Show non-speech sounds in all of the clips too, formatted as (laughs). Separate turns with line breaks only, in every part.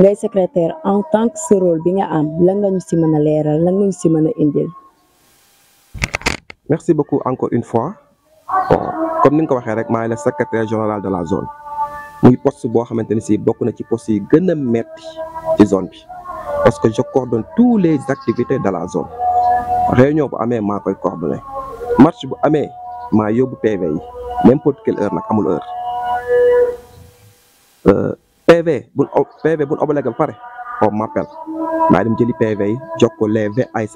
ngay secrétaire en tant que ce rôle bi nga am lan nga ñu si mën a lan nga ñu si mën indil.
merci beaucoup encore une fois bon comme ni nga ko rek maa ngi secrétaire général de la zone muy poste bo xamanteni ci si na ci poste yi gëna metti ci zone bi parce que je coordonne tous les activités de la zone réunion bu amé ma koy coordonné marche bu amé ma yobbu PV yi n'importe quelle heure nak amul heure. euh PV bu PV bu ba pare on m'appelle maa dem jëli PV yi jokkoo les VIC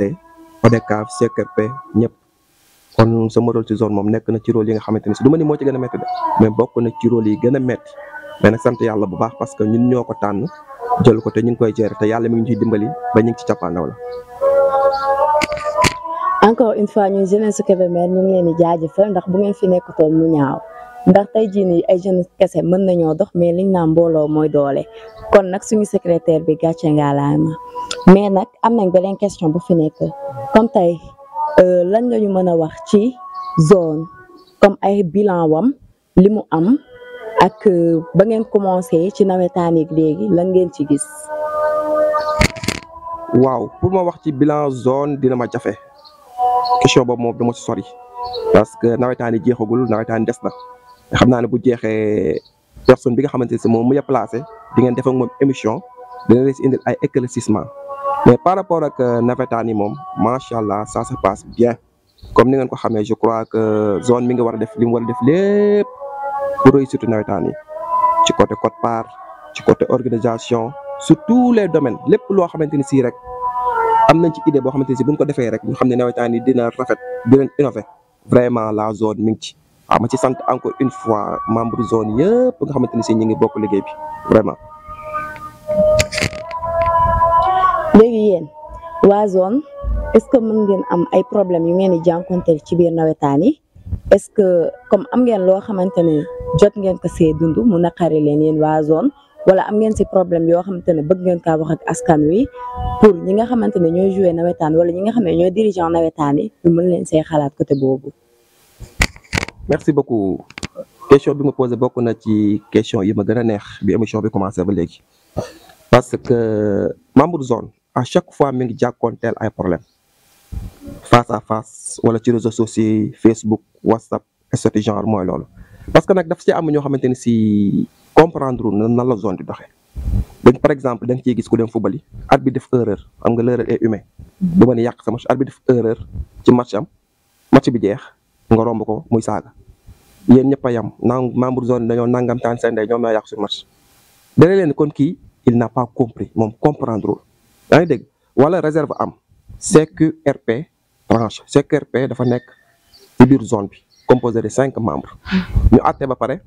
ODCAV CKP ñëpp kon sama rôle ci zone moom nekk na ci rôle yi nga xamante ne si du ma ni moo ci gën a métti de mais bokk na ci yi gën a métti mais nag sant yàlla bu baax parce que ñun ñoo ko tànn jël ko te ñu ngi koy gérer te yàlla mi ngi ciy dimbali ba ñu ngi ci cappaandaw la.
encore une fois ñun jeunesse Kébémer ñu ngi leen di jaajëfal ndax bu ngeen fi nekkutoon mu ñaaw. ndax tey jii ay jeunes kese mën nañoo dox mais liñ naa mbooloo mooy doole kon nag suñu secrétaire bi gàcce ngaalaama mais nag am nañ beneen question bu fi nekk comme tey euh, lan nga ñu mën a wax ci zone comme ay bilan wam li mu am ak euh, ba ngeen commencé ci nawetaan yi léegi lan ngeen ci gis.
waaw pour ma wax ci bilan zone dina ma jafe question boobu moom dama ci sori parce que nawetaan yi jeexagul nawetaan des na. xam naa bu jeexee personne bi nga xamante ne si moom mu placé di ngeen def ak moom émission dina leen si indil ay éclaircissement mais par rapport ak euh, navetani yi moom macha allah ça se passe bien comme ni ngeen ko xamé je crois que zone mi nga wara def lim wara def lépp pour réussir navetani ci côté code part ci côté organisation sur tous les domaines lépp lo xamanteni si rek am nañ ci idée bo xamanteni si buñ ko défé rek ñu xamné navetani navétane yi dina rafet dinañ innover vraiment la zone mi ngi waaw ah, ma ci sant encore une fois membre zone yëpp nga xamante ni si ñu ngi bokk liggéey bi vraiment.
léegi yéen waa zone est-ce que mun ngeen am ay problème yu ngeen di jànkuwanteel ci biir nawetaan yi est-ce que comme am ngeen loo xamante ne jot ngeen ko see dund mu naqari leen yéen waa zone. wala am ngeen si problème yoo xamante ne bëgg ngeen kaa wax ak askan wi pour ñi nga xamante ne ñooy joué nawetaan wala ñi nga xam ne ñooy dirigeant nawetaan yi ñu leen see xalaat côté boobu.
merci beaucoup question bi ma posé bokk na ci question yi ma gën bien, neex bi émission bi commencé ba parce que membre zone à chaque fois mi ngi jàkkoonteel ay problème face à face wala ci réseaux sociaux Facebook WhatsApp et genre mooy loolu parce que nag daf ci am ñoo xamante si comprendre dans la zone di doxee Donc, par exemple dans nga ciy gis ku dem fubali at bi def erreur xam nga l'erreur est humain. du ma ne yàq sa match at def erreur ci match am match bi nga romb ko muy saaga yéen ñëpp a yem naan membre zone dañoo nangam tan sen day ñoom ñoo yàq suñu match dana leen kon ki il n'a pas compris mom comprendre wul yaa dégg wala réserve am CQRP tranche CQRP dafa nekk ci biir zone bi composé de 5 membres ñu atté ba paré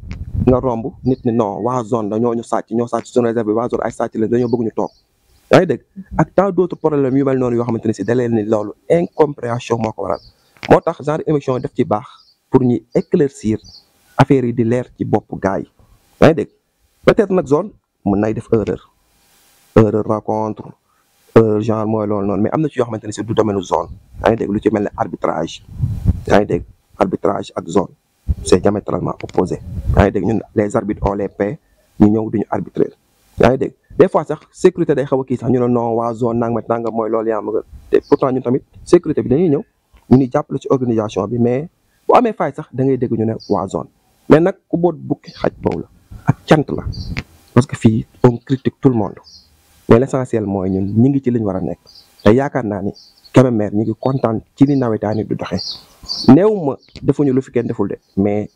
nga romb nit ni non wa zone la ñoo ñu sàcc ñoo sàcc suñu réserve wa zone ay sàcc la dañoo bëgg ñu toog yaa ngi dégg ak tant d'autres problèmes yu mel non yo xamanteni ci si da ni loolu incompréhension moko ko waral motax genre émission def ci bax pour ñu éclaircir affaire yi di leer ci bop gaay yi yaa peut-être nak zone mën nay def erreur erreur rencontre euh genre mooy loolu non mais amna ci yo xamanteni ne c'est du domaine zone yaa ngi lu ci melni arbitrage yaa ngi arbitrage ak zone c'est diamétralement opposé yaa ngi ñun les arbitres on les paie ñu ñëw duñu arbitrer yaa ngi des fois sax sécurité day xawa ki sax ñu non wa zone nak ak nangam moy loolu ya ma te pourtant ñun tamit sécurité bi dañuy ñëw. ñu ni jàppale ci organisation bi mais boo amee faay sax da ngay dégg ñu ne waa zone mais nag ku boot bukki xaj boobu la ak cant la parce que fii on critique tout le monde mais l' essentiel mooy ñun ñi ngi ci liñ war a nekk te yaakaar naa ni Kébé maire ñi ngi kontaan ci ni nawetaan yi du doxee néew ma defuñu lu fi kenn deful de mais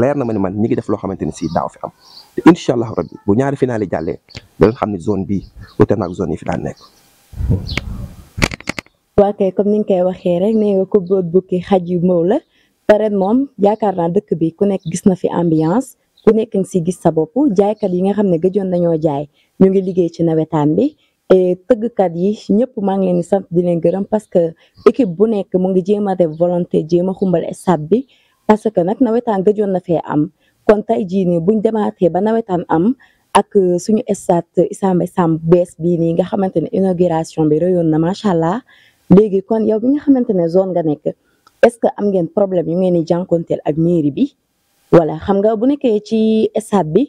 leer na ma ni man ñi ngi def loo xamante ni sii daaw fi am te incha allahu rabbi bu ñaari finale jàllee da xam ne zone bii wute na yi fi daan nekk
waa kay comme ni nga koy waxee rek nee nga ko boot bukki xaj yu mow la te moom yaakaar naa dëkk bi ku nekk gis na fi ambiance ku nekk nga si gis sa bopp jaaykat yi nga xam ne gëjoon nañoo jaay ñu ngi liggéey ci nawetaan bi et tëggkat yi ñëpp maa ngi leen di sant di leen gërëm parce que équipe bu nekk mu ngi jéem a def volonté jéem a xumbal stade bi parce que nag nawetaan gëjoon na fee am kon tey jii nii buñ demaatee ba nawetaan am ak suñu stade Iba Mar bees bii nii nga xamante ne inauguration bi rëyoon na macha allah. léegi kon yow bi nga xamante ne zone nga nekk est-ce que am ngeen problème yu ngeen di ak mairie bi wala xam nga bu nekkee ci stade bi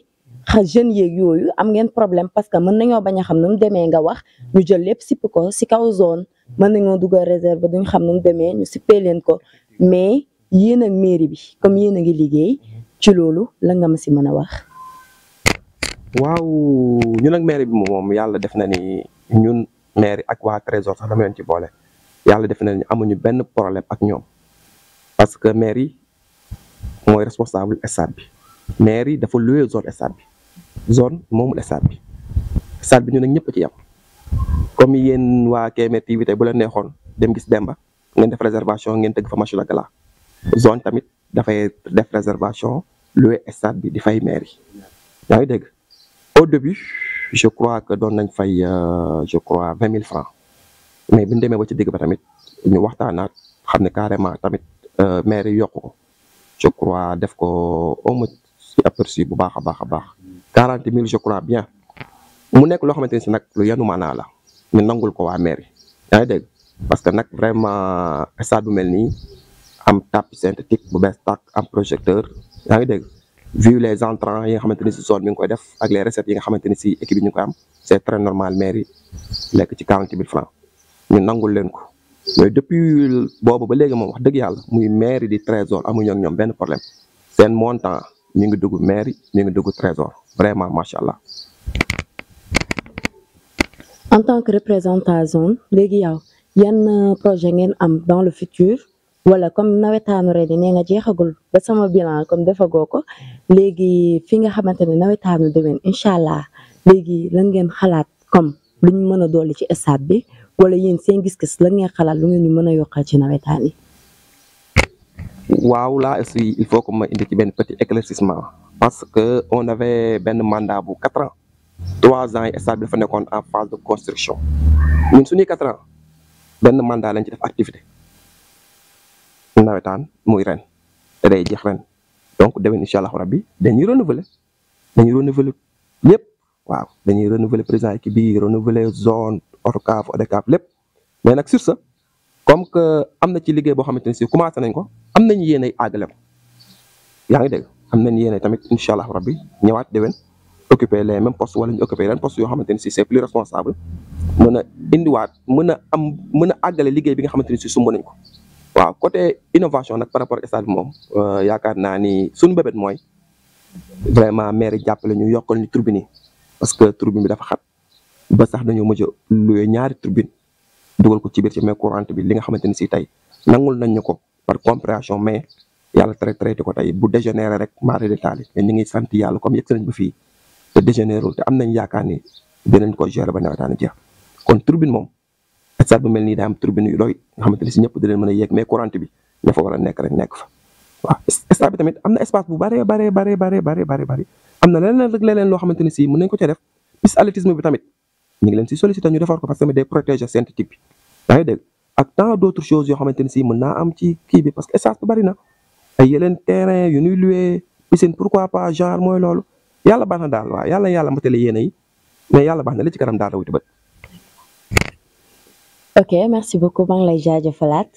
xa jeunes yeeg yooyu am ngeen problème parce que mën nañoo bañ a xam nu demee nga wax ñu jël lépp sipp ko si kaw zone mën nañoo réserver réserve ñu xam nu demee ñu sippee leen ko mais yéen ak mairie bi comme yéen a ngi liggéey ci loolu la nga ma si mën a wax.
waaw ñun ak mairie bi moom yàlla def na ni ñun mairie ak waa trésor sax dama leen ci boole. yalla def nañu amuñu benn problème ak ñom parce que mairie moy responsable stade bi mairie dafa louer zone stade bi zone momu stade bi stade bi ñu nak ñëpp ci yam comme yeen wa Kebemer TV tey bu la neexon dem gis Demba ngeen def réservation ngeen teug fa match la gala zone tamit dafay def réservation louer stade bi di fay maire yi yaa au début je crois que don nañ fay euh, je crois 20000 francs mais buñ démé ba ci digg ba tamit ñu waxtaanaat xamné carrément tamit euh maire yi yokk je crois def ko au moins ci aperçu bu baaxa baaxa baax 40000 je crois bien mu nek lo xamanteni ci nak lu yanu mana la ñu nangul ko wa maire yi yaa dégg parce que nak vraiment stade du melni am tapis synthétique bu bees tak am projecteur yaa ngi dégg vu les entrants yi nga xamanteni ci zone mi ngi koy def ak les recettes yi nga xamanteni ci équipe yi ñu koy am c'est très normal maire yi nekk ci 40000 francs ñu nangul leen ko mais depuis boobu ba léegi moom wax dëgg yàlla muy maire di trésor amuñu ak ñoom benn problème seen montant mi ngi dugg maire mi ngi dugg trésor vraiment macha allah.
en tant que représentant zone léegi yow yan euh, projet ngeen am dans le futur wala comme nawetaanu ren yi nee nga jeexagul ba sama bilan comme defagoo ko léegi fi nga xamante ne nawetaanu déwén incha allah léegi lan ngeen xalaat comme luñ mën a dolli ci stade bi wala yeen seen gis-gis la ngeen xalaat lu ngeen ñu mën a yokkal ci nawetaan yi.
waaw là aussi il faut que ma indi ci benn petit éclaircissement parce que on avait benn mandat bu 4 ans 3 ans yi stade bi dafa nekkoon en phase de construction ñun suñuy 4 ans benn mandat lañ ci def activité nawetaan muy ren te day jeex ren donc déwén incha allah rabbi dañuy renouveler dañuy renouveler lépp waaw dañuy renouveler président équipe bi renouveler zone. Ocav Odecav lépp mais nag sur ce comme que am na ci liggéey boo xamante ne si commencé nañ ko am nañ yéenay àggale ko yaa ngi dégg am nañ yéenay tamit incha allah rabbi ñawaat déwén occuper les mêmes postes wala ñu occuper yeneen postes yoo xamante ne si c'est plus responsable mën a indiwaat mën a am mën a àggale liggéey bi nga xamante ne si sumb nañ ko waaw côté innovation nag par rapport ak stade moom euh, yaakaar naa ni suñu bébét mooy vraiment maire jàppale ñu yokkal ñu tribune yi parce que tribune bi dafa xat ba sax dañoo mujj a loué ñaari tribune dugal ko ci ci mais courante bi li nga xamante ni si tey nangul nañ ñu ko par compréhension mais yàlla traité traité ko tey bu dégénéré rek mara de te nañ ko gérer ba nawetaan jeex kon tribune moom stade mel nii daa am tribune nga xamante ñëpp dinañ mën a yegg mais courante bi ña fa a nekk rek nekk fa waaw stade tamit am na espace bu bëree bëree bëree bëree bëri bëri am na leneen rek leneen loo xamante ni si mën nañ ko ca ñu ngi leen ci solliciter ñu defar ko parce que day protéger synthétique bi yaa ngi dégg ak tant d' autres choses yoo xamante ne si mën naa am ci kii bi parce que espace bi bari na ay yeneen terrain yu ñuy loué piscine pourquoi pas genre mooy loolu yàlla baax na daal waaw yàlla yàlla matale yéene yi mais yàlla baax na li ci kanam daal la wuti bët.
ok merci beaucoup maa ngi lay jaajëfalaat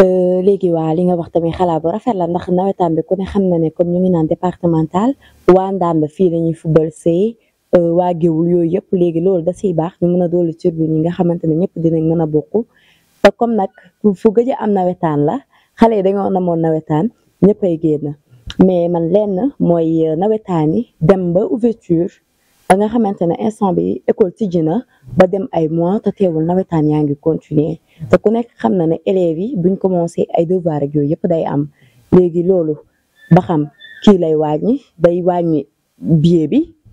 euh, léegi waa li nga wax tamit xalaat bu rafet la ndax nawetaan bi ku ne xam na ne comme ñu ngi naan départemental waa Ndambe fii la ñuy football see Euh, waa géwul yooyu yëpp léegi loolu da siy baax ñu mën a doolu turbine yi nga xamante ne ñëpp dinañ mën a bokk te comme nag fu gëj am nawetaan la xale yi na moon nawetaan ñëppay génn mais man lenn mooy euh, nawetaan yi dem ba ouverture ba nga xamante ne instant bi école tijji na ba dem ay mois te teewul nawetaan yaa ngi continuer te ku nekk xam na ne élèves yi buñ commencé ay devoir ak yooyu yëpp day am léegi loolu ba xam kii lay wàññi day wàññi billet bi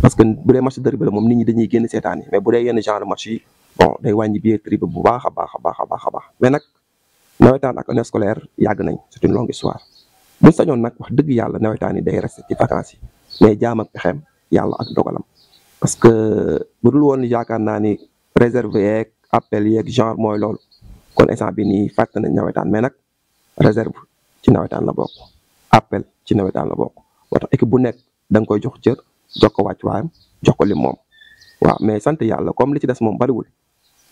parce que bu dee match derby la moom nit ñi dañuy génn mais bu yenn genre match bon day wàññi bi bu baax a baax a baax a baax a nawetaan ak année scolaire yàgg nañ c'est une wax dëgg yàlla nawetaan yi day resté mais jaam ak pexeem yàlla ak dogalam parce que bu dul woon yaakaar naa ni réserve yeeg appel yeeg genre mooy lool kon instant bi nii fàtte nañ nawetaan mais nag réserve ci nawetaan la bokk appel ci nawetaan la bokk moo tax bu nekk da koy jox cër jox ko wàcc waayam jox ko lim moom waaw mais sant yàlla comme li ci des moom bariwul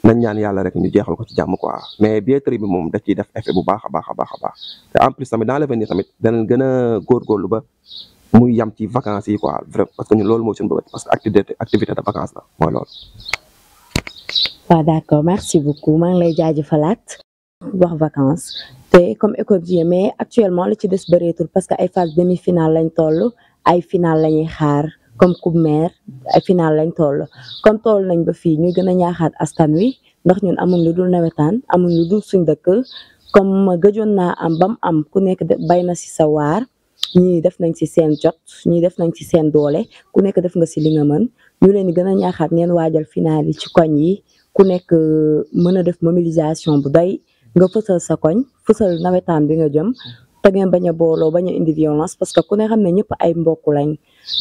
nañ ñaan yàlla rek ñu jeexal ko ci jàmm quoi mais billetterie bi moom da ciy def effet bu baax a baax a baax a baax te en plus tamit dans l'avenir tamit danañ gën a góorgóorlu ba muy yam ci vacances yi quoi vraiment parce que loolu moo suñu bëgg parce que activité activité de vacances la mooy loolu.
waaw d'accord beaucoup maa ngi lay jaajëfalaat wax vacances te comme école mais actuellement li ci des bëreetul parce que ay phase demi-finale lañ toll ay finale lañuy xaar. comme coupe mère ay final lañ toll comme toll nañ ba fii ñu gën a ñaaxaat askan wi ndax ñun amuñ lu dul nawetaan amuñ lu dul suñ dëkk comme gëjoon naa am bam am ku nekk bay na si sa waar ñii def nañ si seen jot ñii def nañ ci seen doole ku nekk def nga si li nga mën ñu leen di gën a ñaaxaat ngeen waajal final yi ci koñ yi ku nekk euh, mën a def mobilisation bu doy nga fësal sa koñ fësal nawetaan bi nga jëm te ngeen bañ a booloo bañ a indi violence parce que ku ne ne ñëpp ay mbokk lañ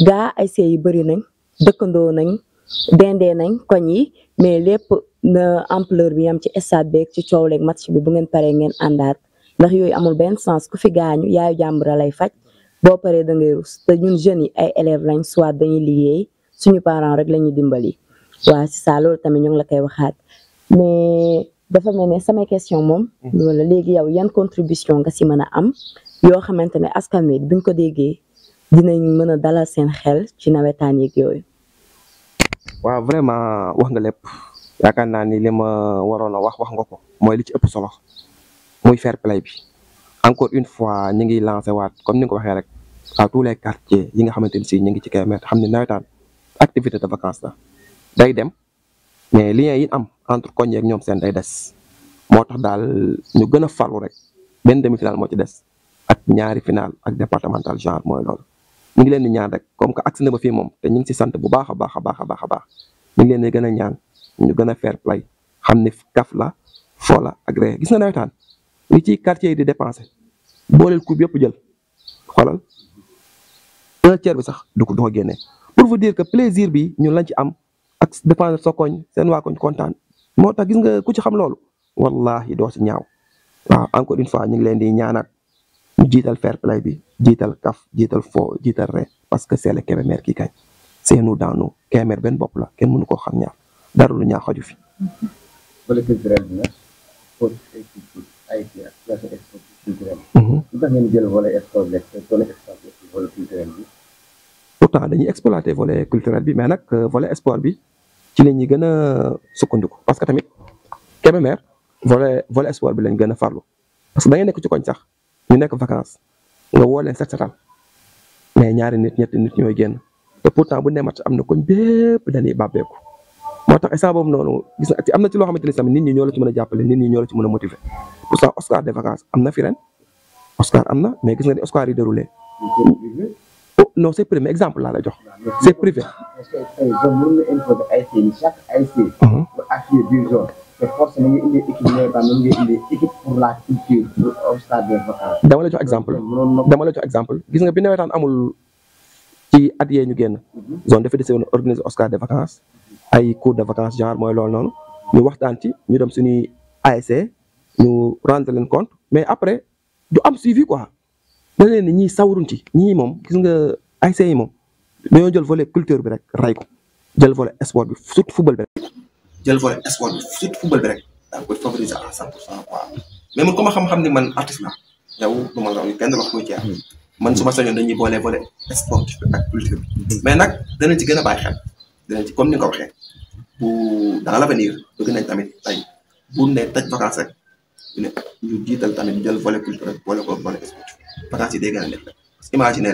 gaa ay see yu bëri nañ dëkkandoo nañ dendee nañ koñ yi mais lépp na empleur bi yam ci stade beeg ci coow leeg match bi bu ngeen paree ngeen àndaat ndax yooyu amul benn sens ku fi gaañu yaayu jàmbur lay faj boo paree da ngay rus te ñun jeunes yi ay élèves lañ soit dañuy liggéey suñu parent rek la ñuy dimbali waaw c'est ça tamit ñu la koy waxaat dafa mel ne samay question mom loolu léegi yow yane contribution nga si meuna am yo xamante ne askan wi buñ ko déggé dinañ mën dalal sen xel ci nawetaan yeeg yooyu
wa vraiment wax nga lépp yaakaar naa ni li ma wax wax nga ko moy li ci ëpp solo moy fair play bi encore une fois ñi ngi lancer waat comme ni ko waxé rek à tous les quartiers yi nga xamante ci ñi ngi ci Kébémer xam ne nawetaan activité de vacances la day dem mais lien yi am entre koñ yeeg ñoom seen day des moo tax daal ñu gën a farlu rek benn demi final moo ci des ak ñaari final ak départemental genre mooy loolu. mu ngi leen di ñaan rek comme que agsi na ba fii moom te ñu ngi si sant bu baax a baax a baax a baax a ngi leen di gën a ñaan ñu gën a fair play xam ni kaf la fo la agréé gis nga nawetaan li ci quartier yi di dépensé booleel coupe yëpp jël xoolal un tiers bi sax du ko du ko génne pour vous dire que plaisir ak depan sokoñ sen wa kontan. koñ contane motax gis nga ku ci xam lolu wallahi do ci ñaaw wa encore une fois ñing leen di ñaanat ñu jital fair play bi jital kaf jital fo jital re parce que c'est le kemer ki kay c'est nous dans nous Kebemer Ken bopp la ken mënu ko xam ñaar daru lu fi wala ke ay ay
jël ci
pourtant dañuy exploité volet culturel bi mais nag euh, volet espoir bi ci la ñi gën a sukkandiku parce que tamit Kébémer volet volet espoir bi lañ gën a farlu parce que da ngay nekk ci koñ sax ñu nekk vacance nga woo leen set setal mais ñaari nit ñetti nit ñooy génn te pourtant bu ne mat am na koñ bépp dañuy bàbbeeku moo tax instant boobu noonu gis am na ci loo xamante ni tamit nit ñi ñoo la ci mën a jàppale nit ñi ñoo la ci mën a motiver pourtant Oscar des vacances am na fi ren Oscar am na mais gis nga ni non c'est est privé exemple laa la jox c' est privé. parce que tey zone mën na imposer ay chaque IC séries. Mhm. pour appuyer biir zone te forcément nga équipe mais ba mën nga équipe pour la culture au stade des vacances. dama la jox exemple dama la jox exemple gis nga bi nawetaan amul ci at yee ñu genn mhm. zone dafa dese woon organiser Oscar des vacances ay cours de vacances genre moy lool non ñu waxtaan ci ñu dem suñuy ASC ñu rendre leen compte mais après du am suivi quoi. da leen ni ñi sawaruñ ci ñi mom gis nga. ASC yi moom dañoo jël volet culture bi rek ray ko jël volet sport bi surtout football bi rek. jël volet sport bi surtout football bi rek daa koy favoriser à 100 pour ma xam-xam ni man artiste na yow du ma la wax benn wax muy hmm. man su ma sañoon dañuy boole volet sport ak culture hmm. mais nag dana ci gën a bàyyi xel danañ ci comme ni nga ko waxee bu dans l' avenir bëgg nañ tamit tey bu ne taj vacance rek ñu jiital tamit jël volet culture boole ko volet sport vacance yi day a nekk rek parce que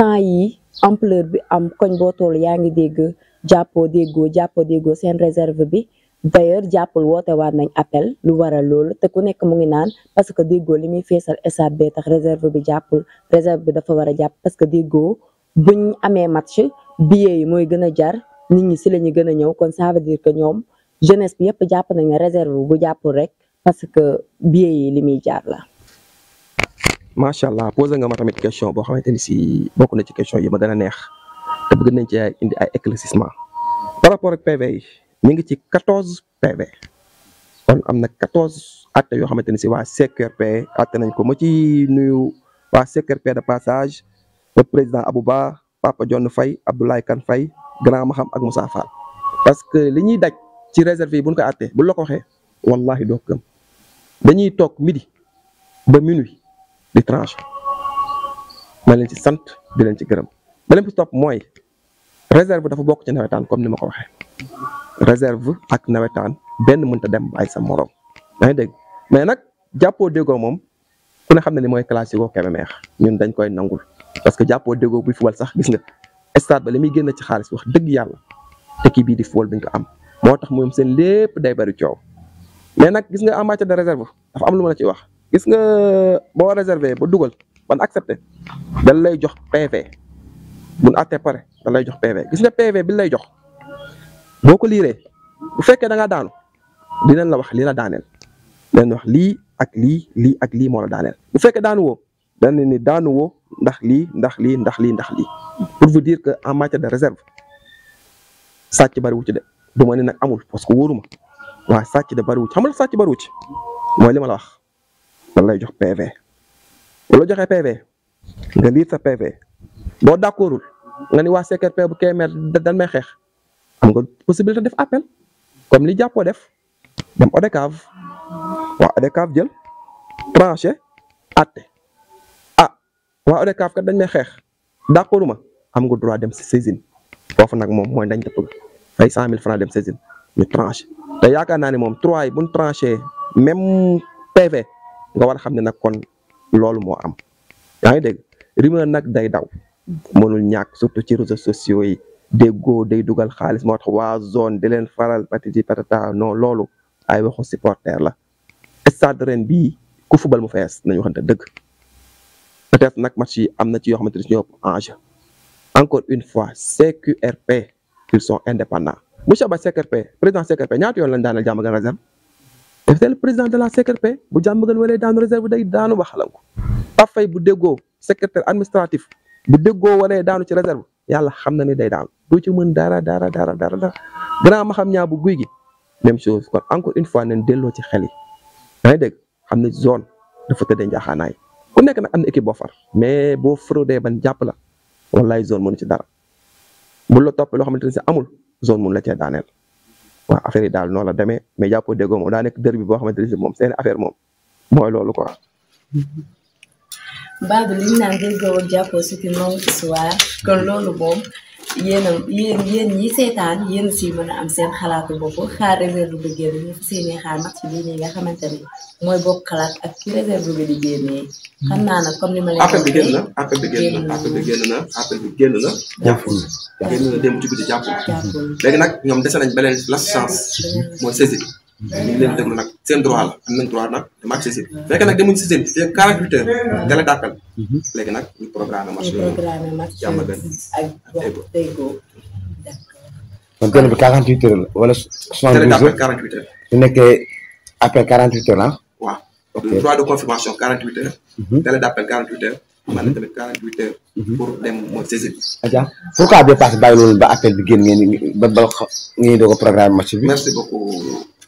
temps yi ampleur bi am koñ boo toll yaa ngi dégg jàppoo déggo jàppoo déggo seen réserve bi d'ailleurs jàppul woote waat nañ appel lu waral loolu te ku nekk mu ngi naan parce que déggoo li muy feesal stade bee tax réserve bi jàppul réserve bi dafa war a jàpp parce que déggoo buñ amee match billet yi mooy gën a jar nit ñi si la ñu gën a ñëw kon ça veut que ñoom jeunesse bi yëpp jàpp nañ ne réserve bu jàppul rek parce que billet yi li muy jar la
macha allah posé nga ma tamit question boo xamante ni si bokk na ci question yi ma gën a neex te bëgg nañ ci indi ay éclaircissement par rapport ak PV ñu ngi ci quatorze PV kon am na quatorze acte yoo xamante ni si waa CQRP acte nañ ko ma ci nuyu waa CQRP de passage le président Abouba Papa John Faye Abdoulaye Kane Faye ma xam ak Moussa Fall parce que li ñuy daj ci réserve yi buñ ko àttee bu la ko waxee wallahi doo gëm dañuy toog midi di tranché ma leen ci sant di leen ci gërëm beneen bi topp mooy réserve dafa bokk ci nawetaan comme ni ma ko waxee réserve ak nawetaan benn mënta dem ay sa morom yaa ngi dégg mais nag jàppoo déggoo moom ku ne xam ne ni mooy classico meex ñun dañ koy nangul parce que jàppoo déggoo buy fubal sax gis nga stade ba li muy génn ci xaalis wax dëgg yàlla te kii bii di fubal buñ ko am moo tax moom seen lépp day bari coow mais nag gis nga en matière am lu ma la ci wax. gis nga boo réservé ba dugal ban accepté dañ lay jox PV buñ àttee pare dañ lay jox PV gis nga PV bi lay jox boo ko liiree bu fekkee da ngaa daanu dinañ la wax li la daaneel dinañ wax lii ak lii lii ak lii moo la daaneel bu fekkee daanu woo danañ ni daanu woo ndax lii ndax lii ndax lii ndax lii pour vous dire que en matière de réserve sàcc bari wu ci de du ma ne amul parce que wóoruma waaye sàcc de bari wu xam nga sàcc bari wu ci mooy li ma wax. da lay jox PV bu la joxee PV nga liir sa PV boo d'accordul nga ni waa secrétaire bu da dañ may xeex am nga possibilité def appel comme li jàppoo def dem ODCAV waa ODCAV jël tranché atte ah waa ODCAV kat dañ may xeex d'accorduma am nga droit dem si saisine foofu nag moom mooy dañ dëpp fay cent mille francs dem saisine ñu tranché te yaakaar moom trois yi buñ même PV nga war a xam ne nag kon loolu moo am yaa ngi dégg rumeur nag day daw mënul ñàkk surtout ci réseaux sociaux yi déggoo day dugal xaalis moo tax waa zone di leen faral patiti patata no loolu ay waxu supporter la stade ren bi ku fubal mu fees nañu waxante dëgg peut-être nag match yi am na ci yoo xamante ne si ñoo enjeu encore une fois CQRP ils sont indépendants monsieur Ba CQRP président CQRP ñaata yoon lañ daaneel jàmm gan réserve def teel président de la CRP bu jàmm gën wala daanu réserve day daanu waxalanku Pape Faye bu déggoo secrétaire administratif bu déggoo wala daanu ci réserve yàlla xam na ne day daanu du ci mën dara dara dara dara dara grand ma xam ñaa bu guy gi même chose kon encore une fois nañ delloo ci xel yi yaa ngi dégg xam ne zone dafa tëddee njaaxaanaay ku nekk nag am na équipe boo far mais boo fraudé ban jàpp la wallaay zone mënu ci dara bu la toppee loo xamante ne si amul zone mënu la cee waaw affaire yi daal noonu la demee mais jàppoo déggoo moom daa nekk dër bi boo xamante ne si moom seen affaire moom mooy loolu quoi.
Babou li ñu naan déggoo jàppoo si ki moom si kon loolu moom. yéen a yéen ñi seetaan yenn si mën am seen xalaatu bopp xaar réserve bi génne ñu fas xaar match nga xamante ne mooy bokk xalaat ak ki réserve bi di génnee. xam naa comme ni ma leen. appel génn na appel bi génn na appel bi génn na appel
bi génn na. jàppul na jàppul na dem ci nag ñoom dese nañ beneen la chance mooy saisir. mais ñu ngi leen déglu nag seen droit la am nañ droit nag dama accès si nag demuñ si seen c'est mhm. léegi nag ñu programme marché bi
jàmm ak déggoo.
kon kenn bi 48 heures la wala. 72 heures 48 ah. de confirmation 48 heures. Mhm. télé d'appel 48 mhm. pour dem mooy saisir. loolu ba appel bi génn ngeen ba ba ngeen doog a programme marché bi. merci beaucoup.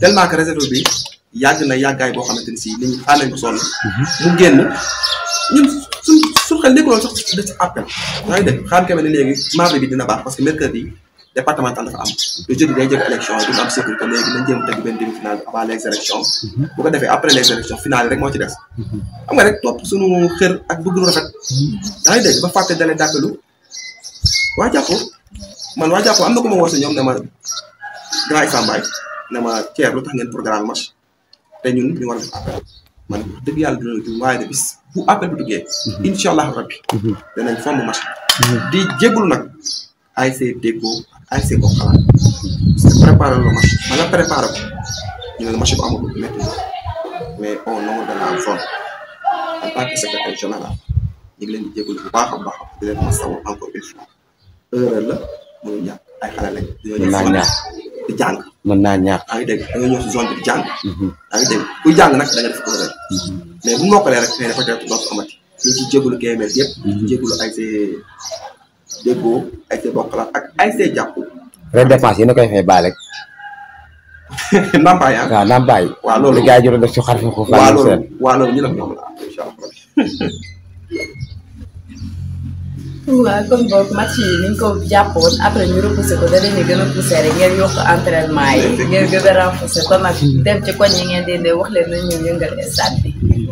tellement que réserve bi yàgg na yàggaay boo xamante ni si li ñu xaar nañ mu génn ñun su suñ xel nekkuloon sax def ci appel. yaa ngi dégg xaar kame ne léegi mardi bi dina baax parce que mercredi départemental dafa am le jeudi day jël élection duñu am sécurité léegi nañ jéem teg benn demi finale ko defee après les élections finale yi rek moo ci des xam nga rek topp suñu xër ak bëgg lu rafet yaa ngi dégg ba fàtte dalee dàppelu waa jàppoo man waa jàppoo am na ko ma woo si ñoom ne ma grand Samba ne ma Thierre lu tax ngeen programme match te ñun ñu war a def appel man wax dëgg yàlla dina ju waaye de bis bu appel bi duggee. Mhm. incha allah rabbi. Mhm. danañ fomm match mhm. di jégalu nag ASC Déggoo ak ASC Bokk Xalaat. parce que préparé la match ba nga préparé ko ñu ne match bu mais au nom de la zone en tant que secrétaire général ñu ngi leen di jégalu bu baax a ay xale di jàng. mën naa ñaar ay ngi dégg da nga ñëw si zone bi di jàng. Mhm. yaa ngi dégg kuy jàng nag da nga mhm. mais bu mokkalee rek xëy na peut-être dootu amati yëpp. ñu ngi mhm. jégalu ay see déggoo ay ak ay see jàpp. yi na koy fay baal rek. (laughs) ndàmpaay ah. waaw ndàmpaay. waaw loolu li gars yi a def si xar ñu (laughs)
waaw kon boog match yi ni ñu ko jàppoon après ñu repoussé ko da leen gën a poussé rek ngeen yokk entraînement yi ngeen gën a renforcé ko nag dem ci koñ yi ngeen dee wax leen nañ ñu yëngal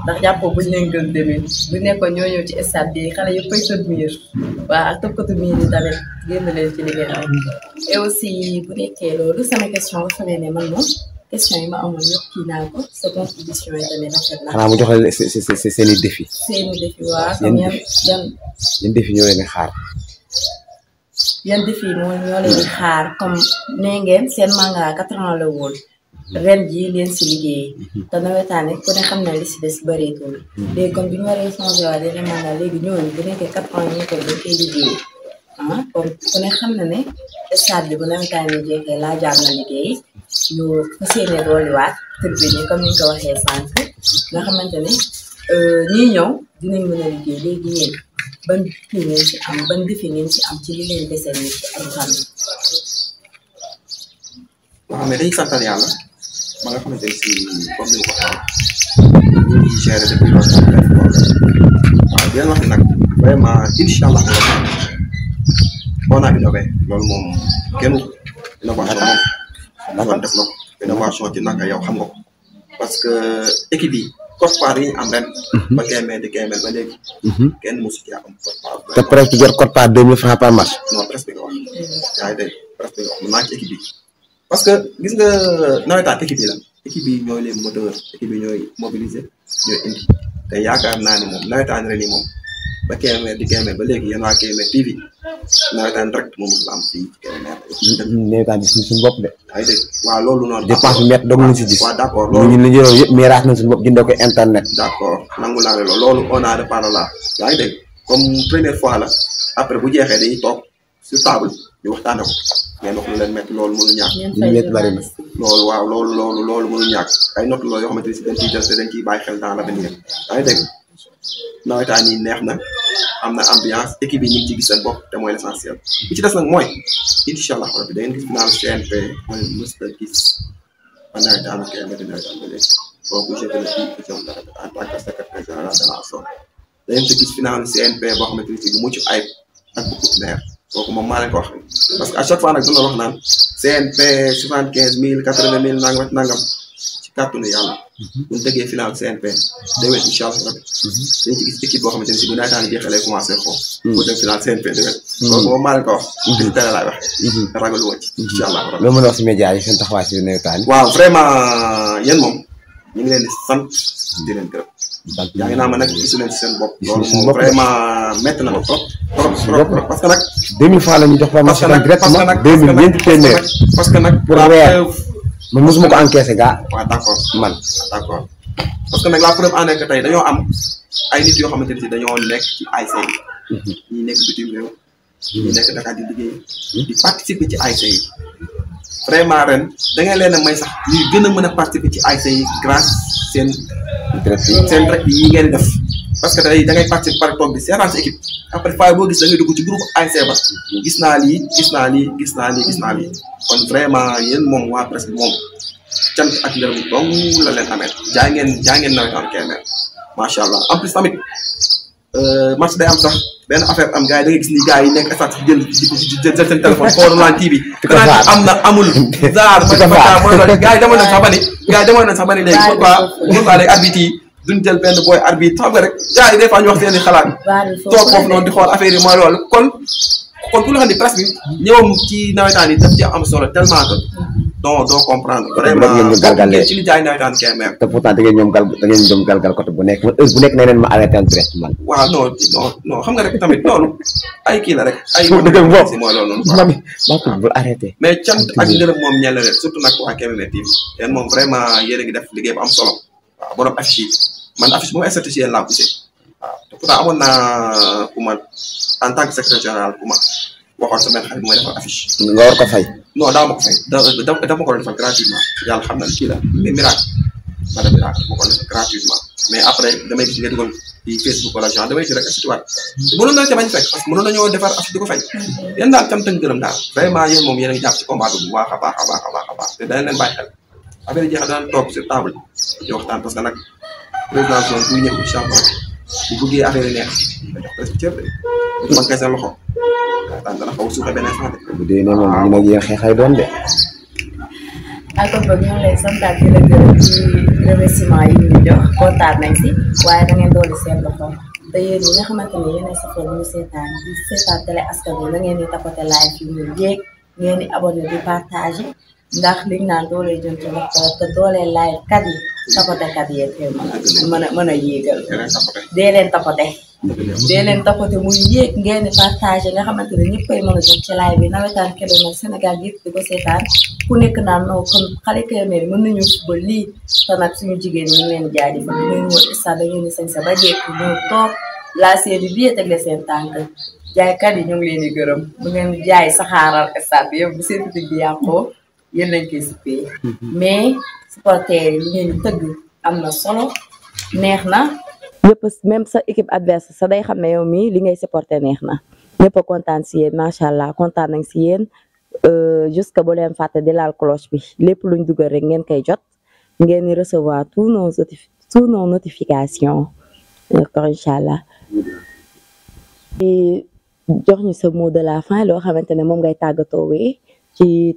ndax jàppoo buñ leen gën demee bu nekkoon ñoo ñëw ci stade bi xale yëpp ay tëb miir waaw ak tëbkatu miir yi tamit génn leen ci li am et aussi bu nekkee loolu sama question bu ne man moom. question yi ma amoon yëpp kii naa ko édition yi tamit rafet na. xanaa mu jox la
seen i défi.
seen i défi comme yan yan.
yan défi ñoo leen di xaar.
yan défi mooy ñoo leen di xaar comme nee ngeen seen manga quatre ans la woon. ren jii leen si liggéey te nawetaane ku ne xam na li si des bëreetul léegi comme bi ñu waree changé waa dene manga léegi ñooñu bu nekkee quatre ans ñu ko dañ koy liggéey ah comme ku ne xam na ne stade bi bu nawetaane jeexee na liggéey ñu fas yéene dolliwaat tërbie ni comme ni ñu ko waxee sànq nga xamante ne euh, ñii ñëw dinañ mën a liggéey léegi ban kii am ban defi am ci li leen dese nii ci ay famille. waaw mais
dañuy santal yàlla ma nga xamante ne si comme ni ko waxee ñu gérer depuis longtemps vraiment incha allah on loolu moom Dangote def na ko rénovation ci naka xam nga parce que équipe yi koppar yi ñu am ren. Mhm. ba Kébémer di Kébémer ba léegi. Mhm. kenn mosu ci am koppar. te presque jot koppar deux mille francs par presque nga wax yaa ngi presque nga wax équipe parce que gis nga nawetaan équipe yi la équipe yi ñooy les moteurs équipe ñooy mobiliser te yaakaar naa ni moom nawetaan ren yi moom. ba KMR di KMR ba léegi yéen ya waa KMR TV nawetaan rek moom la am fii ci KMR. nawetaan gis nañ suñu bopp de. ay dégg waaw loolu noonu. dépense bu métti doog na si gis. waaw d' accord loolu ñu li ñu yëpp miiraat na suñu bopp jëndee ko internet. d' accord nangu naa loolu loolu on a réparé la yaa ngi dégg comme première fois la après bu jeexee dañuy toog sur table ñu waxtaane ko ngeen wax lu leen métti loolu mënu ñàkk. ñu métti bari na. loolu waaw loolu loolu loolu mënu ñàkk ay notes loolu yoo xamante ni si dañ ciy jël dañ ciy bàyyi xel dans l' avenir yaa ngi dégg nawetaan yi neex na am na ambiance équipe yi ñu ngi ci gis seen bopp te mooy l'essentiel bi ci des nag mooy incha allah rabbi da ngeen gis final CNP mooy mës a gis ba nawetaan ak nga di nawetaan ba léegi boobu je te le dis en tant de la zone da ngeen gis final CNP boo xamante ni bu mucc ayib ak bu kooku moom maa ko parce que à chaque fois nag dina wax naan CNP soixante quinze kàttanu yàlla mhm. buñ déggee final CNP déwén incha allah rabbi mhm. dañ ci gis équipe boo xamante ne si bu nawetaan jeexalee commencé xoo pour mhm. dem final CNP déwén kooku moom maa leen ko wax si télé laay wax ragalu woo ci incha allah rabbi loo mën a wax si média yi seen taxawaay si nawetaan waaw vraiment yéen moom ñu ngi leen di sant di leen gërëm yaa ngi naa ma nag gisu leen si seen bopp loolu moom vraiment métti na ma trop trop trop parce que nag deux mille francs la ñu jox parce que nag parce que nag parce que nag man mosuma ko encaissé gaa. waaw accord man. d' accord parce que nag la preuve en est que tey dañoo am ay nit yoo xamante ne si dañoo nekk ci ASC yi. Mhm. ñi nekk bitim réew. ñi mhm. nekk Dakar di liggéey. Mhm. di participer ci ay yi. vraiment ren da ngay leen a may sax ñuy gën a mën a participer ci ASC yi grâce seen. seen rek yi ngeen def. parce que tey da ngay participer par exemple bi seetaan sa équipe après fois boo gis da gis naa lii gis naa lii gis na lii gis naa lii kon vraiment yéen moom waa presque moom cant ak ngërëm dong la leen amee jaa ngeen jaa ngeen am kenn macha allah en plus tamit match day am sax benn affaire am gars yi gis ni gars yi nekk état si
jël jël téléphone xool naa TV. di ko faar am na amul. zaar ko faar mooy loolu gars yi
demoon nañ sax ba ni. gars duñ jël benn booy arbitre xam nga rek gars yi des fois ñu wax seen i xalaat. noonu di xool affaire kon. kon ku nga xam ne presse bi ñëwam ci nawetaan yi daf ci que. Mm-hmm. doo da ngeen gal da ngeen ñoom galgal côté bu nekk man heure bu nekk nee neen ma arrêté en direct man. waaw non xam nga rek tamit loolu ay kii la rek. ay (laughs) dëgg si mooy loolu noonu. man maa ko bul arrêté. mais cant ak ngërëm moom ñeel na leen surtout nag waa Kébémer TV. yéen moom vraiment yéen a def liggéey bu am solo. waaw borom affiche yi man affiche moom stratégie laa gisee waaw te pourtant amoon na ku ma en tant que secrétaire général ku ma waxoon sa benn xarit mooy defar affiche. ma xam na kii la mais miracle ma dem miracle ma ko doon defal gratuitement mais après damay gis nga dugal ci Facebook wala genre na la ca bañ fekk parce que mënoon nañoo moom yéen a ngi jàpp bu baax a baax a baax a baax a toog sur ci waxtaan parce que nag président zone jox presque a suuxee beneen sax de. bu dee xeexay doon de.
ak kon boog ñu lay sant ak di la gërëm ngeen doon seen loxo te yéen ñi nga xamante ne yéen a safoo ñu ngeen ngeen di di partager. ndax liñ naan doole jënd ndax te doole laay kat yi tapote kat yi koy mën a mën a yéegal dee leen tapote dee leen ngeen di partage nga xamante ne ñëpp koy mën a jot ci laay bi nawetaan Kébémer nag Sénégal yëpp di ko ku nekk naan non kon xale Kébémer mën nañu ba lii te nag suñu jigéen ñi leen jaajëfal ñu ñëw stade dañu ne sañ sa ba jekk ñu toog laa seedi bi tegle seen tànk jaaykat yi ñu ngi leen di gërëm bu ngeen jaay saxaaral stade bi yëpp bu seen bi yéen lañ mhm. mais supporter tëgg même sa équipe adverse sa day xam yow li ngay supporter neex ñëpp kontaan si yéen macha allah kontaan nañ si yéen euh, leen fàtte di laal cloche bi lépp luñ dugal rek jot recevoir tous nos nos notifications Et incha jox ñu mot de la fin loo xamante ne ngay tàggatoo ci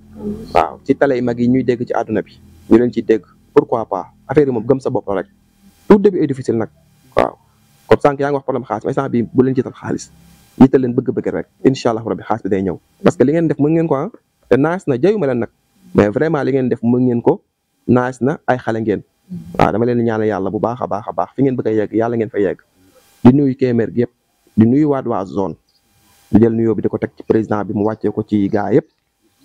waaw ci tale yu mag yi ñuy dégg ci aduna bi ñu leen ci dégg pourquoi pas affaire mom gëm sa bop la rek tout début est difficile nak waaw comme sank ya nga wax problème xaliss mais bi bu leen xaliss ñi tal leen bëgg-bëgg rek inshallah rabbi xaliss bi day ñew parce que li ngeen def mo ngeen ko ah te naas na jeyuma leen nak mais vraiment li ngeen def mo ngeen ko nas na ay xalé ngeen waaw dama leen ñaanal yalla bu baaxa baaxa baax fi ngeen bëgg yegg yalla ngeen fa yegg di nuyu Kemer gi di nuyu wad wa zone di jël nuyoo bi diko tek ci président bi mu wacce ko ci gaay yep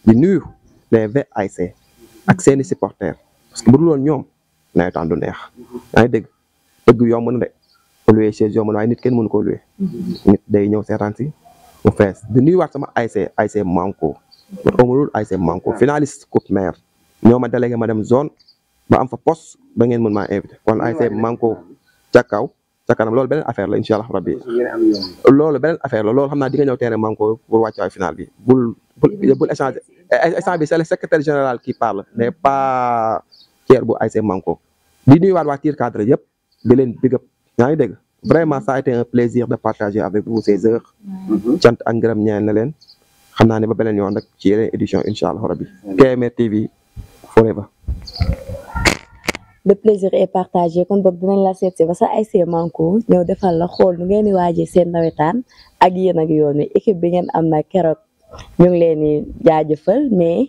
di nuyu les VAC ak seeni supporters parce que bu dul woon ñoom nawetaan du neex yaa ngi dégg dëgg yomb na de louer chaise yomb na waaye nit kenn mënu ko louer nit day ñëw seetaan si mu fees di nuyuwaat sama ay ASC Manko man amulul ASC Manko finaliste coupe maire ñoo ma délégué ma dem zone ba am fa post ba ngeen mën ma invité kon ASC Manko ca kaw sa kanam loolu beneen affaire la incha allah rabbi loolu beneen affaire la loolu xam naa di nga ñëw terrain maa ngi ko pour wàccuwaay final bi bul bul échanger échange eh, eh, secrétaire général qui parle mais pas Thier bu ASC Manko di nuyuwaat waa Tir Cadre yëpp di leen big up ngi dégg vraiment ça a été un plaisir de partager avec vous ces heures cant ak ngërëm ñeel na leen xam naa ne ba beneen yoon rek ci yeneen édition incha allah rabbi KMR TV forever
le plaisir est partagé kon boog dinañ la seet si ba sa ASC Manko ñëw defal la xool nu ngeen di waajee seen nawetaan ak yéen ag yoon wi équipe bi ngeen am na keroog ñu ngi leen di jaajëfal mais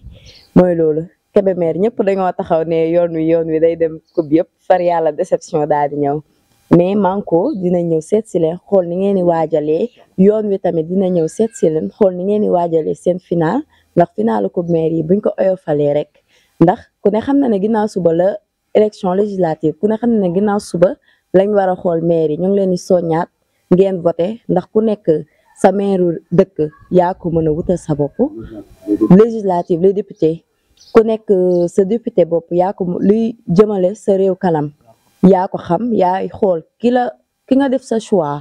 mooy loolu Kébémer ñëpp dañoo taxaw ne yoon wi yoon wi day dem coupe yëpp far yàlla déception daal di ñëw mais Manko dina ñëw seet si leen xool ni ngeen di waajalee yoon wi tamit dina ñëw seet si leen xool ni ngeen di waajalee seen final ndax finalu coupe maire yi buñ ko oyofalee rek ku élection législative ku ne xam ne ginnaaw suba lañ war a xool maire yi ñu ngi leen di soññaat ngeen voté ndax ku nekk sa maire dëkk yaa ko mën a wutal sa bopp législative les députés ku nekk euh, sa député bopp yaa ko luy jëmale sa réew kanam yaa ko xam yaay xool ki ki nga def sa choix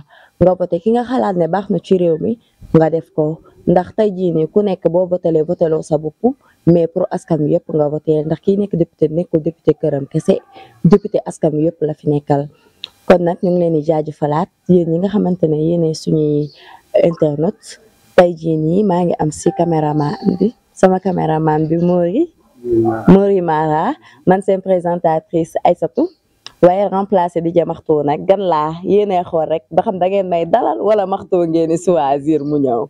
nga voté ki nga xalaat ne baax na ci réew mi nga def ko ndax tey jii nii ku nekk boo votelee voteloo sa bopp mais pour askan wi yëpp nga voté ndax kii nekk député nekkul député këram kese député askan wi yëpp la fi nekkal kon nag ñu ngi leen di jaajëfalaat yéen ñi nga xamante ne yéenay suñuy internet tey jii nii maa ngi am si caméraman bi sama caméraman bi Mori Mori Mara man seen présentatrice Aïssatou waaye remplacé di ja maxtoo nag gan laa yéenay xool rek ba xam da ngeen may dalal wala maxtoo ngeen di choisir mu ñëw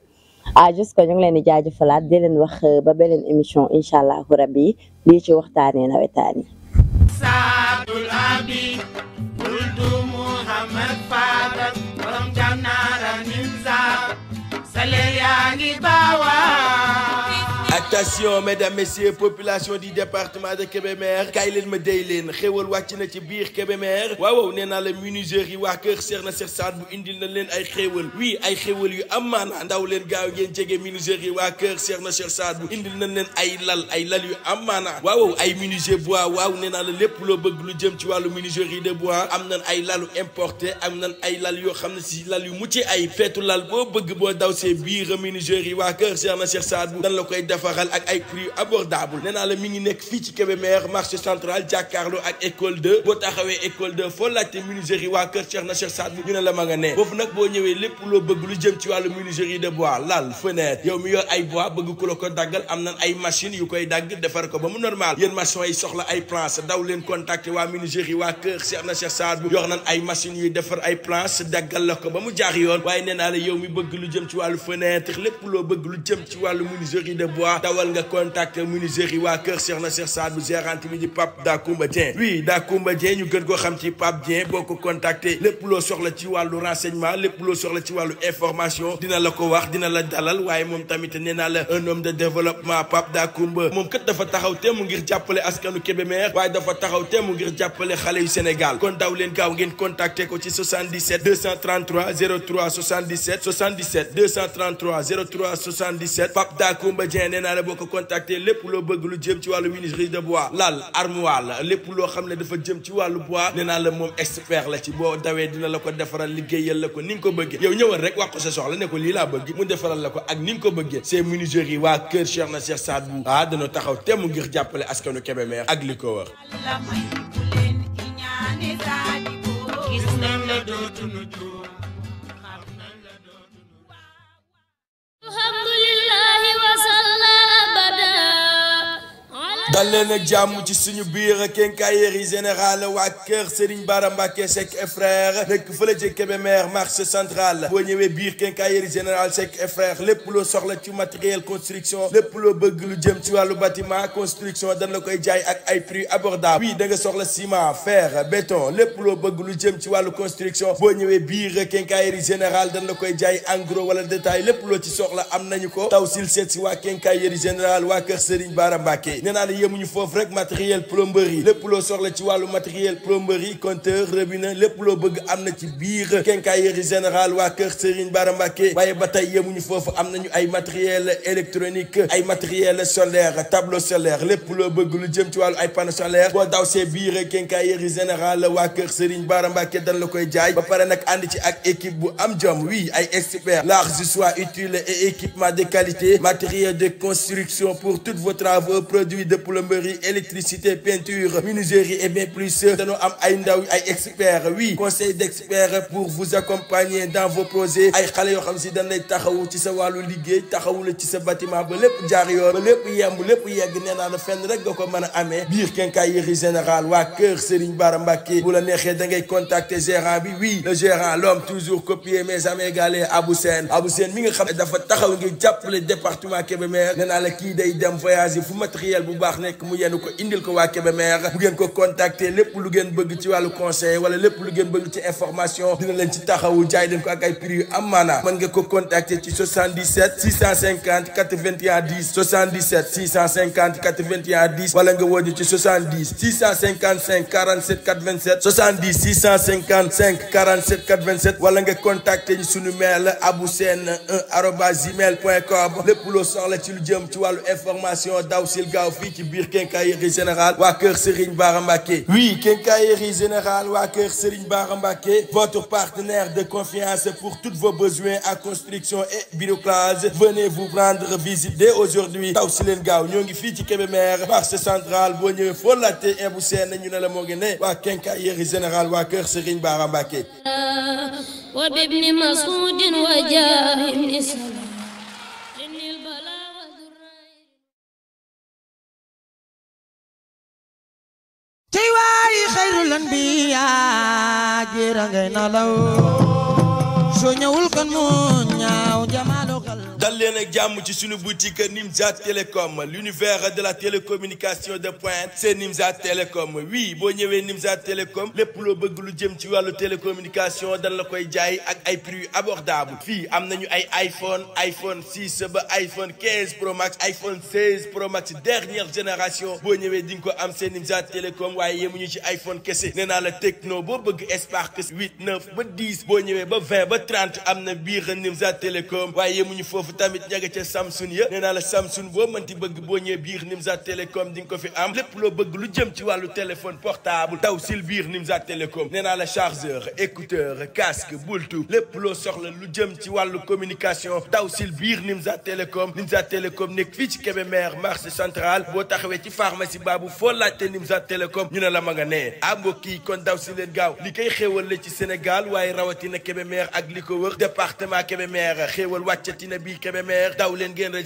ah juste que ñu leen di jaajëfalaat di leen wax euh, ba beneen émission incha allahu rabbi lii ci waxtaanee nawetaan yi.
Saadul Abi Wuldu Muhammad Fadal
borom jànnaara Nimza sale yaa ngi baawaa.
attention mesdames messieurs population du département de Kébémer Kailen leen ma dey leen xéwal na ci biir Kébémer waaw nee naa la menuisier yi waa kër na indil na leen ay oui ay xéwal yu am maanaa ndaw leen gaaw ngeen jege menuisier yi waa kër na Seex Saad indil na leen ay lal ay lal yu waaw ay bois waaw nee la lépp loo bëgg lu jëm ci menuiserie de bois am nañ ay lalu importé am nañ ay lal yoo xam ne si lal yu mucc ay feetu lal boo bëgg boo daw see biir menuisier na la koy baaxal ak ay prix abordable nee la mi ngi nekk fii ci Kébémer marché central jàkkaarloo ak école 2 bo taxawé école 2 foo laajte menuiserie wa kër Cheikh na Cheikh Saad ñu ne la ma nga ne foofu nag boo ñëwee lépp loo bëgg lu jëm ci walu menuiserie de bois lal fenêtre yow mi yor ay bois bëgg ku la ko daggal am nan ay machine yu koy dagg défar ko ba mu normal yeen machine yi soxla ay planche daw leen contacté wa menuiserie wa kër Cheikh na Cheikh Saad bu yor nan ay machine yu défar ay planche daggal la ko ba mu jaar yoon waye nee la yow mi bëgg lu jëm ci walu fenêtre lepp lo bëgg lu jëm ci walu menuiserie de bois dawal nga contacter menuiserie wa cœur Cheikh Nasser Sadou gérante bi di Pape Dacoumba oui Dacoumba Dieng ñu gën koo xam ci Pape Dieng boo contacter Le loo soxla ci walu renseignement lepp lo soxla ci walu information dina la ko wax dina la dalal waye mom tamit nénal, un homme de développement Pape Dakoumbe. mom kat dafa taxaw tém ngir jappalé askanu Kébémer waye dafa taxaw tém ngir jappalé xalé yu Sénégal kon daw leen gaaw ngeen contacter ko ci 77 233 03 77 77 233 03 77 Pape Dacoumba Dieng ne boo ko contacté lépp loo bëgg lu jëm ci wàllu menuiserie de bois lal armoire la lépp loo xam ne dafa jëm ci wàllu bois nee naa la moom expert la ci boo dawee dina la ko defaral liggéeyal la ko ni nga ko bëgge yow ñëwal rek wax ko sa soxla ne ko lii laa bëgg mu defaral la ko ak ni nga ko bëggee ces menuiseries waa kër Cheikh na Cheikh Sadbou ah dana taxaw temm ngir jàppale askanu Kébémer ak li ko wax dal ak jàmm ci suñu biir quincaillerie général sec Serigne et frère nek fële ci Kébémer marché central bo ñëwee biir quincaillerie sec sek et frère lépp lo soxla ci matériel construction lépp lo bëgg lu jëm ci walu bâtiment construction dañ la koy jaay ak ay prix abordable wi da nga soxla ciment fer béton lépp lo bëgg lu jëm ci walu construction bo ñëwee biir quincaillerie général dañ la koy jaay en gros wala détail lépp lo ci soxla am nañu ko tawsil sil ci wa waa quincaillerie général Serigne Bara Mbacké yemuñu foofu matériel plomberie Les sur soxla ci le matériel plomberie compteur robinet les poulots bug amener des ci biir quincaillerie générale waa kër Serigne bataille, Mbacké matériel électronique ay matériel solaire tableau solaire les poulots bug le jëm ci i ay panneau solaire quoi daw ces biir quincaillerie générale ou kër Serigne dans le le la koy jaay ba équipe am oui ay expert, large soit utile et équipement de qualité matériel de construction pour tous vos travaux produits de plomberie électricité peinture menuiserie et bien plus dañoo am ay ndaw ay experts oui conseil d'experts pour vous accompagner dans vos projets ay xale yo xam si dañ lay taxawu ci sa wàllu le taxawu ci sa bâtiment ba lépp jaar yoon ba lépp yemb lépp yegg nee na la fenn rek nga ko mën a amee biir général wa, waa kër Serigne Bara Mbacké la contacte da ngay contacter gérant bi oui le gérant l'homme toujours copié mais jamais égalé Abou aboussen, Abou et mi nga xam dafa taxaw les départements département Kébémer mère. naa la kii day voyage. voyager fu matériel bu que mu yenu ko indil ko waa ko contacter lepp lu ngeen bëgg ci conseil wala lepp lu ngeen bëgg ci information dina leen ci taxawu jaay leen ko ak ay prix amana man ko contacter ci 77 650 81 10 77 650 81 10 wala nga wodi ci 70 655 47 87 70 655 47 87 wala nga contacter ñu sunu mail abou 1gmailcom 1 arobase gmail soxla ci lu jëm ci walu information daw sil biir quincaillerie générale waa Serine Serigne Bara oui quincaillerie générale waa kër Serigne Bara votre partenaire de confiance pour tous vos besoins à construction et bioclasse. venez vous rendre visite dès aujourd'hui taw si gaaw ñoo ngi ci central boo ñëwee et laajte imbu seen ñu quincaillerie générale Serigne Bara Mbacké teraangay nalaw
soo ñëwul kan mu ñaaw jama
dal les ak tu ci une boutique Nimza Telecom, l'univers de la télécommunication de pointe c'est Nimza Telecom. oui boo ñëwee Nimza Télécom lépp loo bëgg lu jëm ci wàllu télécommunication dans la koy jaay ak ay prix abordable fii am nañu ay iPhone iPhone 6 ba iPhone 15 Pro Max iPhone 16 Pro Max dernière génération boo ñëwee di ko am Nimza Télécom waaye yemuñu ci iPhone kese nee naa la techno boo bëgg Spark 8 9 ba 10 boo ñëwee ba 20 ba 30 am bien biir Nimza Telecom waaye yemuñu foofu tamit ña nga ca Samsung ya nee naa la Samsung boo mënti bëgg boo ñëwee biir Nimza Télécom di nga ko fi am lépp loo bëgg lu jëm ci wàllu téléphone portable daw sil biir Nimza Télécom nee naa la chargeur loo soxla lu jëm ci wàllu communication daw sil biir Nimza Télécom Nimza Télécom nekk fii ci Kébémer marché central boo taxawee ci pharmacie baabu foo laajte Nimza Télécom ñu ne la ma nga nee ah mbokk yi kon daw si leen gaaw li koy xéewal la ci Sénégal waaye rawatina Kébémer ak li ko wër département Kébémer xéewal wàccati Médina bi Kébémer daw leen ngeen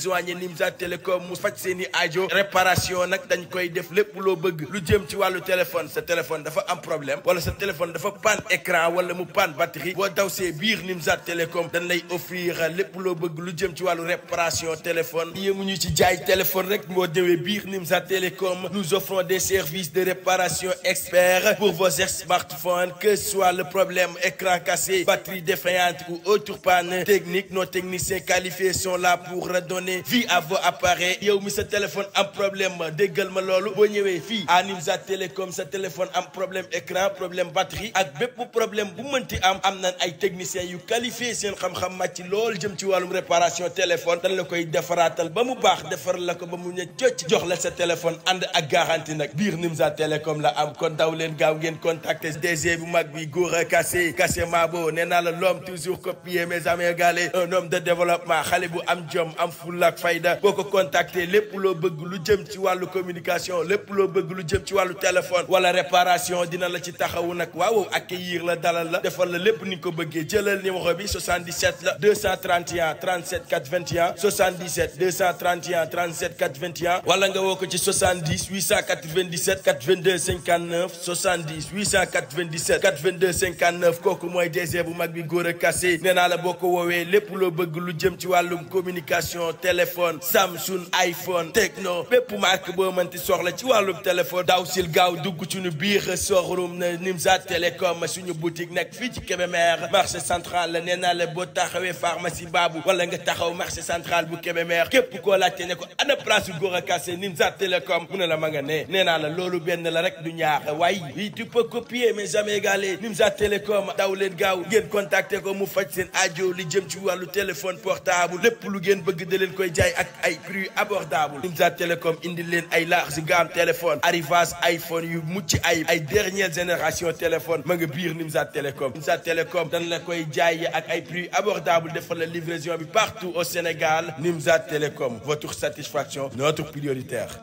Nimza Télécom mu faj seen i réparation nag dañ koy def lépp bug bëgg lu jëm ci téléphone ce téléphone dafa un problème wala ce téléphone dafa panne écran wala mu pan batterie boo daw Bir Nimza Télécom dañ lay offrir lépp bug bëgg lu jëm ci wàllu réparation téléphone yéemuñu ci jaay téléphone rek boo déwee biir Nimza Télécom nous offrons des services de réparation experts pour vos smartphones que soit le problème écran cassé batterie défaillante ou autre panne technique nos techniciens qualifiés sont là pour redonner vie à vos appareils yow mi sa téléphone am problème déggal ma loolu boo ñëwee fii Animza Telecom, Télécom sa téléphone am problème écran problème batterie ak bépp problème bu mënti am am nañ ay technicien, yu qualifiés seen xam-xam màcc lool jëm ci wàllum réparation téléphone dañ la koy defaraatal ba mu baax defar la ko ba mu ne cocc jox la sa téléphone and, ak garantie nak, bir, Nimza Telecom, la am kon daw gaaw ngeen contacter DG bu mag bi Gora Kassé Kassé Mabo nee l'homme toujours copié mes amis galé, un homme de développement développement xale bu am jom am fullaak fayda boko contacter lepp lo bëgg lu jëm ci communication les lo bëgg lu jëm ci walu téléphone wala réparation dina la ci taxawu nag waaw accueillir la dalal la defal la lepp ni ko jëlal numéro bi 77 231 37 421 77 231 37 421 wala nga woko ci 70 897 82 59 70 897 422 59 kooku moy DG bu mag bi góor a kase la Boko lu jëm ci wàllum communication téléphone Samsung iPhone Tecno bépp marque boo mënti soxla ci wàllum téléphone daw sil gaaw dugg ci ñu biir showroom na Nimza Télécom suñu boutique nekk fii ci Kébémer marché central la nee naa la boo taxawee pharmacie Babou wala nga taxaw marché central bu Kébémer képp ko laajte ne ko ana place yu góor a kase Nimza mu ne la ma nga nee naa la loolu benn la rek du ñaar waaye oui tu peux copier mais jamais égaler Nimza ko mu faj li jëm ci wàllu téléphone portable confortable lépp lu ngeen bëgg da prix abordable Nimza Telecom, indi leen ay téléphone arrivas iPhone you mucc ay ay dernière génération téléphone ma nga biir Nimza Telecom, Nimza Télécom dañ la koy jaay plus ay prix abordable defal la livraison partout au Sénégal Nimza Telecom, votre satisfaction notre prioritaire